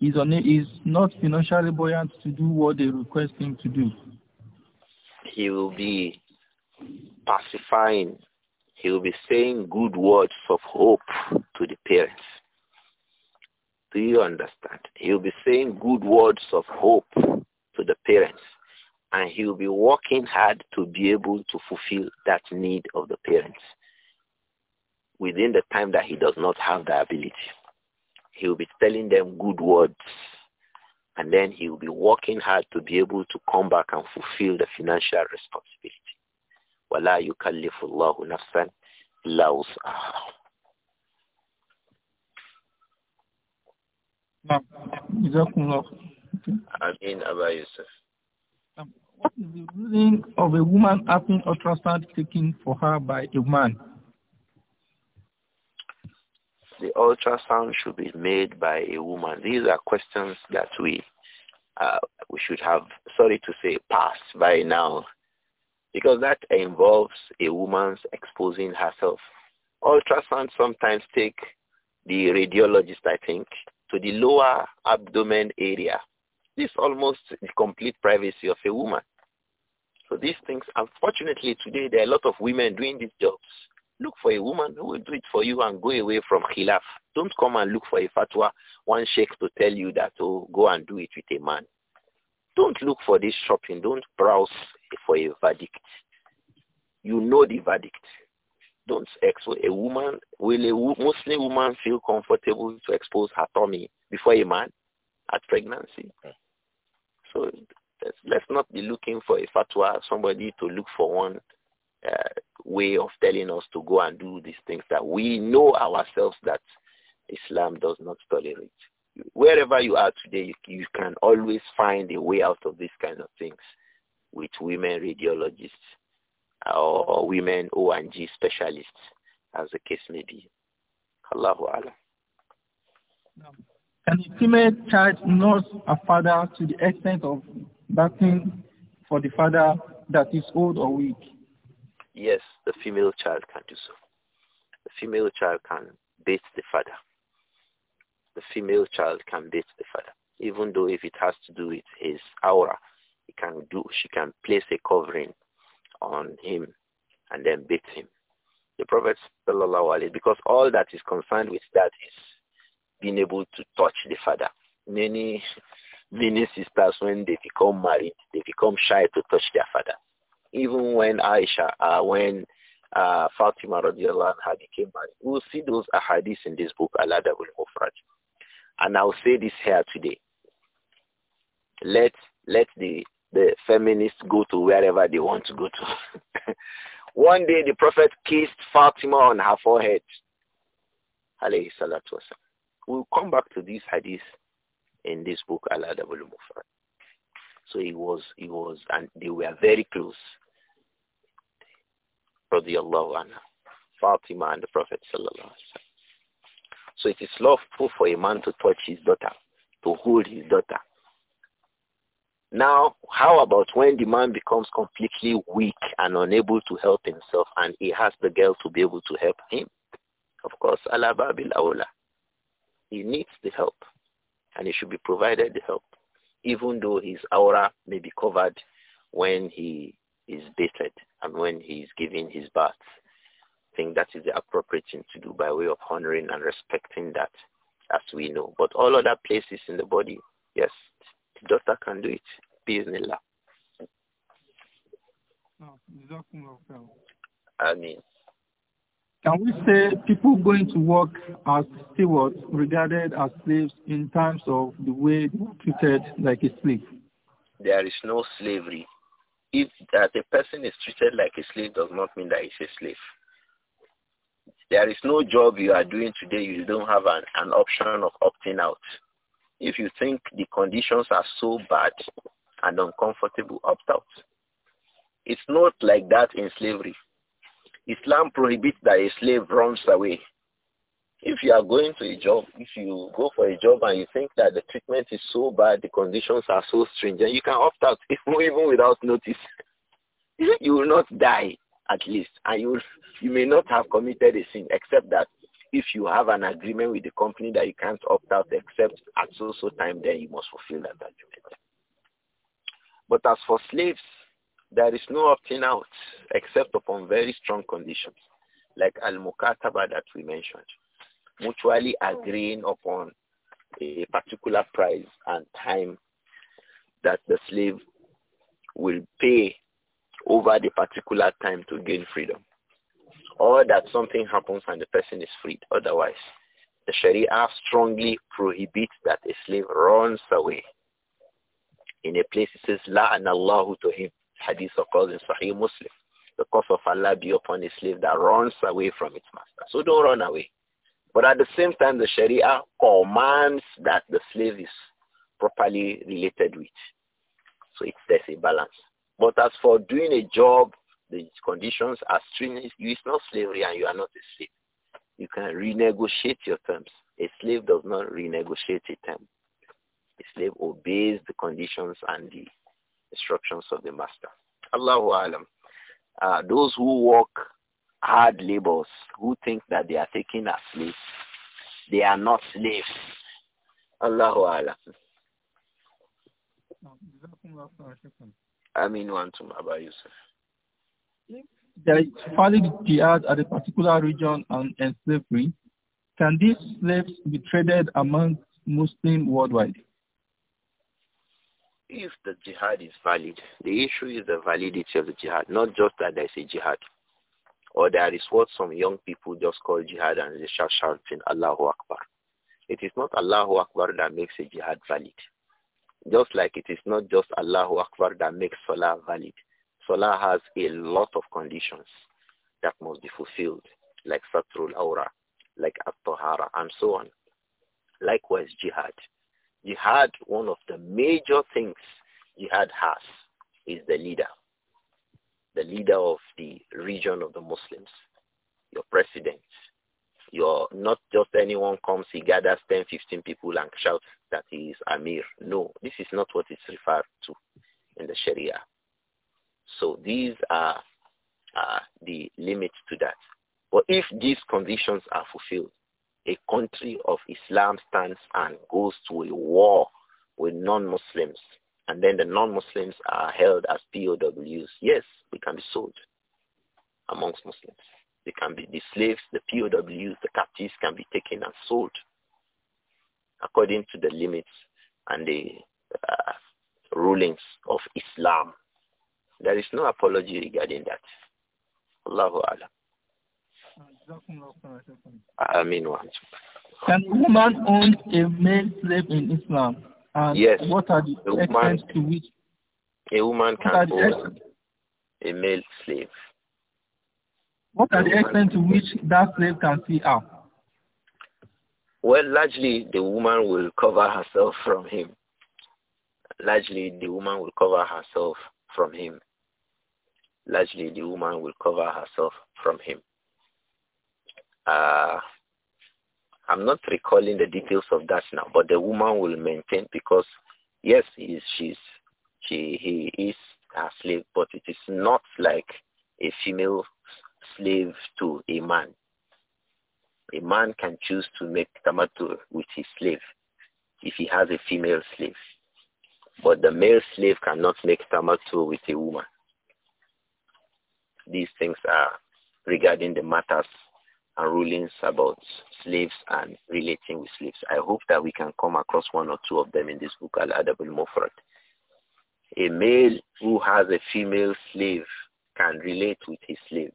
is, on, is not financially buoyant to do what they request him to do. He will be pacifying. He will be saying good words of hope to the parents. Do you understand? He will be saying good words of hope to the parents. And he will be working hard to be able to fulfill that need of the parents within the time that he does not have the ability. He will be telling them good words. And then he will be working hard to be able to come back and fulfill the financial responsibility. وَلَا يُكَلِّفُ اللَّهُ نَفْسًا إِلَّا وُسْعَهَا I mean, Abba Yusuf. What is the ruling of a woman having ultrasound taken for her by a man? the ultrasound should be made by a woman? These are questions that we uh, we should have, sorry to say, passed by now, because that involves a woman's exposing herself. Ultrasound sometimes take the radiologist, I think, to the lower abdomen area. This is almost the complete privacy of a woman. So these things, unfortunately, today there are a lot of women doing these jobs Look for a woman who will do it for you and go away from khilaf. Don't come and look for a fatwa, one sheikh to tell you that, oh, go and do it with a man. Don't look for this shopping. Don't browse for a verdict. You know the verdict. Don't expose a woman. Will a Muslim woman feel comfortable to expose her tummy before a man at pregnancy? Mm. So let's not be looking for a fatwa, somebody to look for one uh, way of telling us to go and do these things that we know ourselves that Islam does not tolerate. Wherever you are today, you, you can always find a way out of these kind of things with women radiologists or, women O&G specialists, as the case may be. Allahu Alam. Can a female child nurse a father to the extent of backing for the father that is old or weak? Yes, the female child can do so. The female child can beat the father. The female child can beat the father. Even though if it has to do with his aura, he can do she can place a covering on him and then beat him. The Prophet because all that is concerned with that is being able to touch the father. Many many sisters when they become married, they become shy to touch their father even when Aisha, uh, when uh, Fatima radiallahu anha came back, We'll see those hadiths in this book, Aladabul mufraj And I'll say this here today. Let, let the, the feminists go to wherever they want to go to. *laughs* One day the Prophet kissed Fatima on her forehead. Alayhi salatu wasalam. We'll come back to these hadiths in this book, Aladabul mufraj So he was, he was, and they were very close radiallahu anha, Fatima and the Prophet sallallahu So it is lawful for a man to touch his daughter, to hold his daughter. Now, how about when the man becomes completely weak and unable to help himself and he has the girl to be able to help him? Of course, Allah Babil Aula. He needs the help and he should be provided the help, even though his aura may be covered when he is bedridden and when he's giving his bath. I think that is the appropriate thing to do by way of honoring and respecting that as we know. But all other places in the body, yes, the doctor can do it. Bismillah. Allah. mean, can we say people going to work as stewards regarded as slaves in terms of the way treated like a slave? There is no slavery if uh, that a person is treated like a slave does not mean that he's a slave. There is no job you are doing today you don't have an, an option of opting out. If you think the conditions are so bad and uncomfortable, opt out. It's not like that in slavery. Islam prohibits that a slave runs away. If you are going to a job, if you go for a job and you think that the treatment is so bad, the conditions are so stringent, you can opt out even without notice. *laughs* you will not die at least, and you you may not have committed a sin except that if you have an agreement with the company that you can't opt out except at so so time, then you must fulfill that agreement. But as for slaves, there is no opting out except upon very strong conditions, like al-mukataba that we mentioned mutually oh. agreeing upon a particular price and time that the slave will pay over the particular time to gain freedom. Or that something happens and the person is freed otherwise. The Sharia strongly prohibits that a slave runs away. In a place it says, La anallahu to him. Hadith occurs in Sahih Muslim. The curse of Allah be upon a slave that runs away from its master. So don't run away. But at the same time, the Sharia commands that the slave is properly related with. So it's, there's a balance. But as for doing a job, the conditions are stringent. It's not slavery and you are not a slave. You can renegotiate your terms. A slave does not renegotiate a term. A slave obeys the conditions and the instructions of the master. Allahu Alam. Uh, those who work hard laborers who think that they are taken as slaves. They are not slaves. Allahu Alam. Amin wa antum Abba Yusuf. If there is Falik jihad at a particular region and, and slavery, can these slaves be traded among Muslims worldwide? If the jihad is valid, the issue is the validity of the jihad, not just that there is a jihad. Or that is what some young people just call jihad and they shout shouting Allahu Akbar. It is not Allahu Akbar that makes a jihad valid. Just like it is not just Allahu Akbar that makes Salah valid. Salah has a lot of conditions that must be fulfilled, like Satrul Aura, like At-Tahara, and so on. Likewise, jihad. Jihad, one of the major things jihad has is the leader the leader of the region of the Muslims, your president. You're not just anyone comes, he gathers 10, 15 people and shouts that he is Amir. No, this is not what it's referred to in the Sharia. So these are, are the limits to that. But if these conditions are fulfilled, a country of Islam stands and goes to a war with non-Muslims and then the non-Muslims are held as POWs. Yes, we can be sold amongst Muslims. They can be the slaves, the POWs, the captives can be taken and sold according to the limits and the uh, rulings of Islam. There is no apology regarding that. Allahu Alam. Can woman own a male slave in Islam? And yes. What are the a woman, to which a woman can own a male slave? What are the extent to which that slave can see out? Well, largely the woman will cover herself from him. Largely the woman will cover herself from him. Largely the woman will cover herself from him. Uh, I'm not recalling the details of that now, but the woman will maintain because yes, he is, she's she he is a slave, but it is not like a female slave to a man. A man can choose to make tamato with his slave if he has a female slave. But the male slave cannot make tamato with a woman. These things are regarding the matters and rulings about slaves and relating with slaves. I hope that we can come across one or two of them in this book, Al-Adab al-Mufrad. A male who has a female slave can relate with his slave.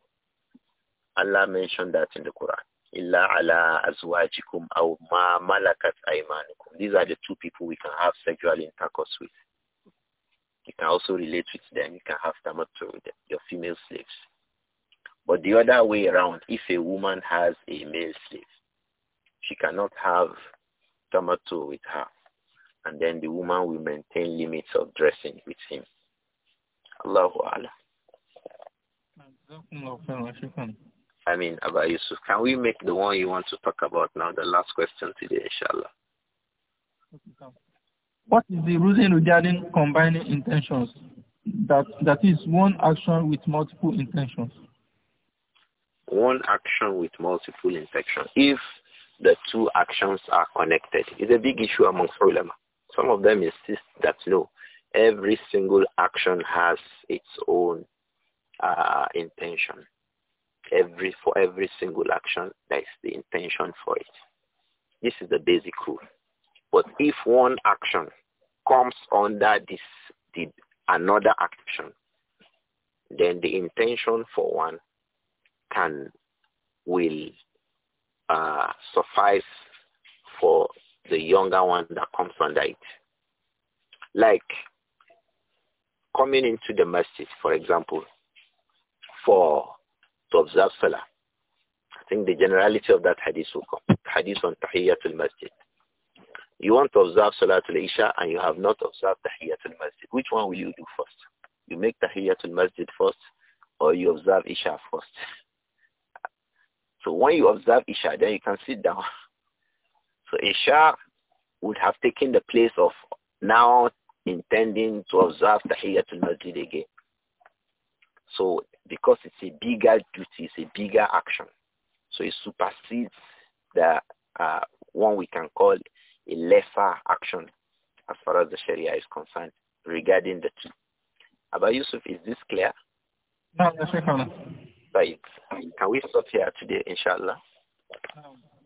Allah mentioned that in the Quran. Illa ala azwajikum aw ma malakat aymanukum. These are the two people we can have sexual intercourse with. You can also relate with them. You can have tamattu with them, your female slaves. But the other way around, if a woman has a male slave, she cannot have tomato with her. And then the woman will maintain limits of dressing with him. Allahu Allah. I mean, Abba Yusuf, can we make the one you want to talk about now the last question today, inshallah? What is the reason regarding combining intentions? That that is one action with multiple intentions one action with multiple infections if the two actions are connected. It's a big issue amongst ulama. Some of them insist that no, every single action has its own uh, intention. Every for every single action, there is the intention for it. This is the basic rule. But if one action comes under this the, another action, then the intention for one can will uh, suffice for the younger one that comes under it. Like coming into the masjid, for example, for to observe salah. I think the generality of that hadith will come. Hadith on Tahiyatul Masjid. You want to observe Salatul Isha and you have not observed Tahiyatul Masjid. Which one will you do first? You make Tahiyatul Masjid first or you observe Isha first? So when you observe Isha, then you can sit down. *laughs* So Isha would have taken the place of now intending to observe Tahiyatul Masjid again. So because it's a bigger duty, it's a bigger action. So it supersedes the uh, one we can call a lesser action as far as the Sharia is concerned regarding the two. Abba Yusuf, is this clear? No, that's no, no. Said. Can we stop here today, inshallah?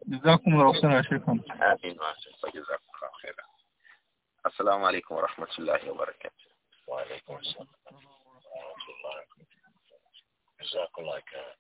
جزاكم الله خيرا شكرا آمين وجزاكم الله خيرا السلام عليكم ورحمة الله وبركاته وعليكم السلام ورحمة الله وبركاته جزاك الله خيرا